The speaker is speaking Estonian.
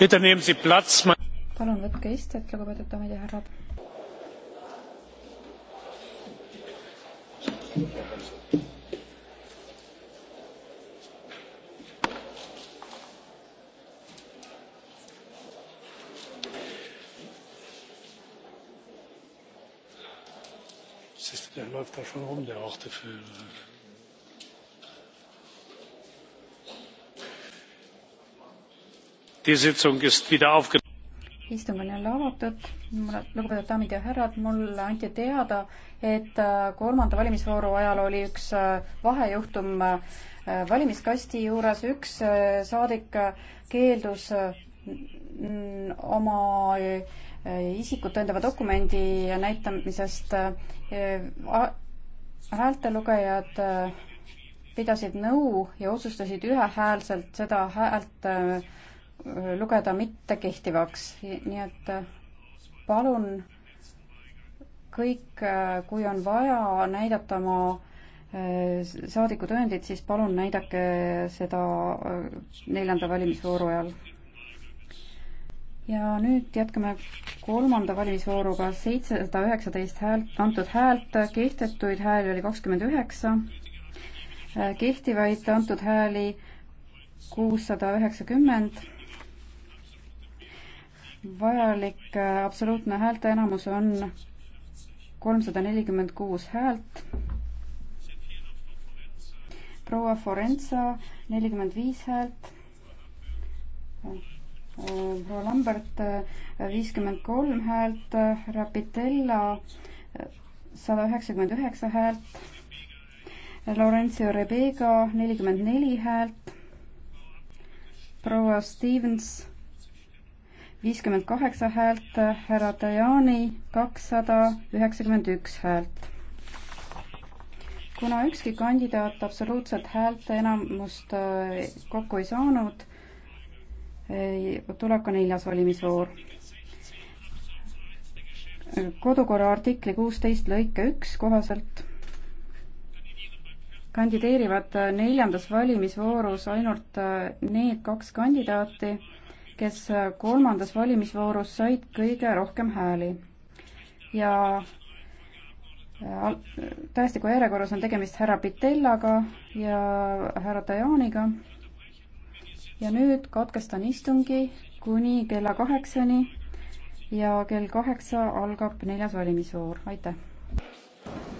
palun võtke istet, lugupeetud daamid ja härrad. läuft da schon rum, der Orte für. istung on jälle avatud. lugupeetud daamid ja härrad, mulle anti teada, et äh, kolmanda valimisvooru ajal oli üks äh, vahejuhtum äh, valimiskasti juures. üks saadik keeldus oma isikut tõendava dokumendi näitamisest. häältelugejad pidasid nõu ja otsustasid ühehäälselt seda häält lugeda mittekehtivaks, nii et äh, palun kõik, äh, kui on vaja näidata oma äh, saadikutõendit, siis palun näidake seda neljanda valimisvooru ajal. ja nüüd jätkame kolmanda valimisvooruga, seitsesada üheksateist häält, antud häält, kehtetuid hääli oli kakskümmend üheksa, kehtivaid antud hääli kuussada üheksakümmend vajalik äh, absoluutne häälteenamus on kolmsada nelikümmend kuus häält. proua Forenza nelikümmend viis häält. Äh, proua Lambert äh, viiskümmend kolm häält, Rapitella sada üheksakümmend üheksa häält. Laurentsio Rebega nelikümmend neli häält. proua Stevens viiskümmend kaheksa häält, härra Tajani kakssada üheksakümmend üks häält. kuna ükski kandidaat absoluutset häälte enamust äh, kokku ei saanud, tuleb ka neljas valimisvoor. kodukorra artikli kuusteist lõike üks kohaselt kandideerivad neljandas valimisvoorus ainult äh, need kaks kandidaati, kes kolmandas valimisvoorus said kõige rohkem hääli. ja äh, tähestiku järjekorras on tegemist härra Pitellaga ja härra Tajaniga. ja nüüd katkestan istungi kuni kella kaheksani ja kell kaheksa algab neljas valimisvoor, aitäh!